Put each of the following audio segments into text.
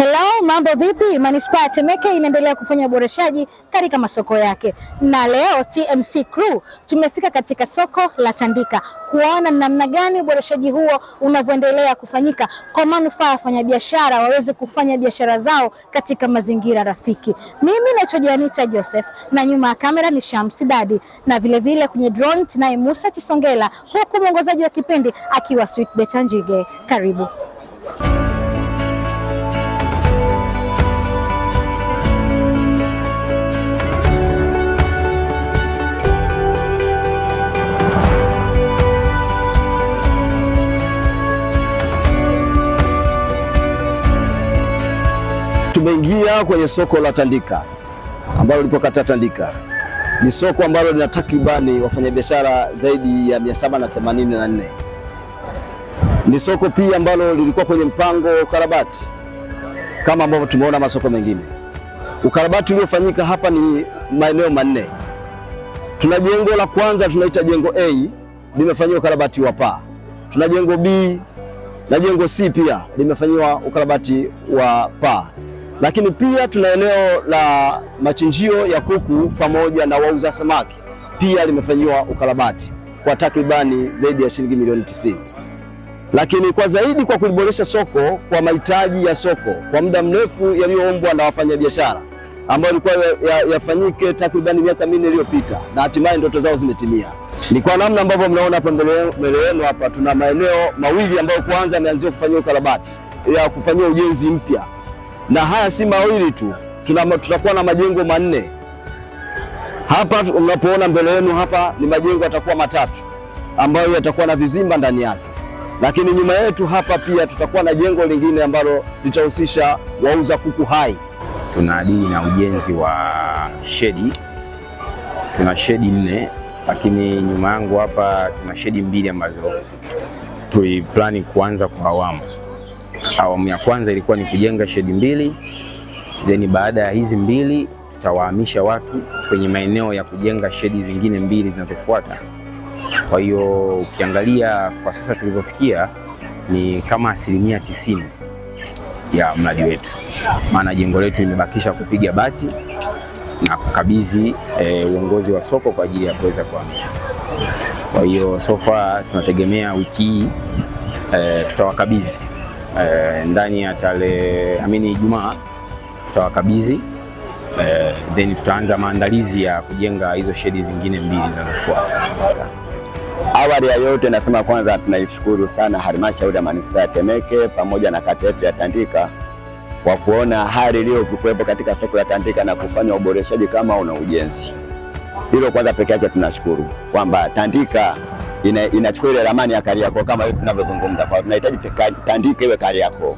Hello, mambo vipi? Manispaa ya Temeke inaendelea kufanya uboreshaji katika masoko yake, na leo TMC crew tumefika katika soko la Tandika kuona namna gani uboreshaji huo unavyoendelea kufanyika kwa manufaa ya wafanyabiashara waweze kufanya biashara zao katika mazingira rafiki. Mimi naitwa Janita Joseph na nyuma ya kamera ni Shamsi Dadi, na vilevile vile kwenye drone tunaye Musa Chisongela, huku mwongozaji wa kipindi akiwa Sweetbeta Njige. Karibu. tumeingia kwenye soko la Tandika ambalo lipo kata Tandika. Ni soko ambalo lina takribani wafanyabiashara zaidi ya 784. Ni soko pia ambalo lilikuwa kwenye mpango wa ukarabati kama ambavyo tumeona masoko mengine. Ukarabati uliofanyika hapa ni maeneo manne. Tuna jengo la kwanza tunaita jengo A limefanyiwa ukarabati wa paa. Tuna jengo B na jengo C pia limefanyiwa ukarabati wa paa lakini pia tuna eneo la machinjio ya kuku pamoja na wauza samaki, pia limefanyiwa ukarabati kwa takribani zaidi ya shilingi milioni tisini. Lakini kwa zaidi kwa kuliboresha soko kwa mahitaji ya soko kwa muda mrefu yaliyoombwa na wafanyabiashara ambayo ilikuwa yafanyike ya takribani miaka minne iliyopita na hatimaye ndoto zao zimetimia. Ni kwa namna ambavyo mnaona hapa mbele yenu hapa tuna maeneo mawili ambayo kwanza yameanzia kufanyia ukarabati ya kufanyia ujenzi mpya na haya si mawili tu, tutakuwa na majengo manne hapa. Unapoona mbele yenu hapa ni majengo yatakuwa matatu ambayo yatakuwa na vizimba ndani yake, lakini nyuma yetu hapa pia tutakuwa na jengo lingine ambalo litahusisha wauza kuku hai. Tuna dili na ujenzi wa shedi, tuna shedi nne, lakini nyuma yangu hapa tuna shedi mbili ambazo tuliplani kuanza kwa awamu. Awamu ya kwanza ilikuwa ni kujenga shedi mbili, then baada ya hizi mbili tutawahamisha watu kwenye maeneo ya kujenga shedi zingine mbili zinazofuata. Kwa hiyo ukiangalia kwa sasa tulivyofikia ni kama asilimia tisini ya mradi wetu, maana jengo letu limebakisha kupiga bati na kukabidhi e, uongozi wa soko kwa ajili ya kuweza kuhamia. Kwa hiyo so far tunategemea wiki hii e, tutawakabidhi eh, ndani ya tarehe amini Ijumaa tutawakabidhi eh, then tutaanza maandalizi ya kujenga hizo shedi zingine mbili zinazofuata. Awali ya yote nasema kwanza, tunaishukuru sana halmashauri ya manispaa ya Temeke pamoja na kata yetu ya Tandika kwa kuona hali iliyokuwepo katika soko la Tandika na kufanya uboreshaji kama una ujenzi. Hilo kwanza peke yake tunashukuru kwamba Tandika inachukua ile ramani ya Kariakoo kama hivi tunavyozungumza, kwa tunahitaji tandike iwe Kariakoo,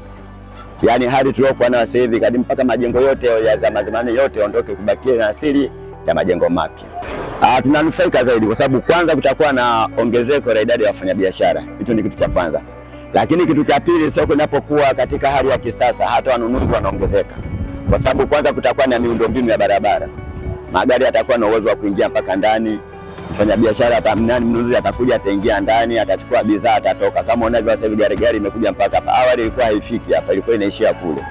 yaani hali tuliokuwa nayo sasa hivi kadi, mpaka majengo yote ya zama zamani yote ondoke, kubakie na asili ya majengo mapya. Ah, tunanufaika zaidi kwa sababu kwanza kutakuwa na ongezeko la idadi ya wafanyabiashara, hicho ni kitu cha kwanza, lakini kitu cha pili, soko linapokuwa katika hali ya kisasa, hata wanunuzi wanaongezeka kwa sababu kwanza kutakuwa na miundombinu ya barabara, magari yatakuwa na uwezo wa kuingia mpaka ndani mfanyabiashara hata nani mnunuzi atakuja, ataingia ndani, atachukua bidhaa, atatoka. Kama unavyo sasa hivi, gari gari imekuja mpaka hapa. Awali ilikuwa haifiki hapa, ilikuwa inaishia kule.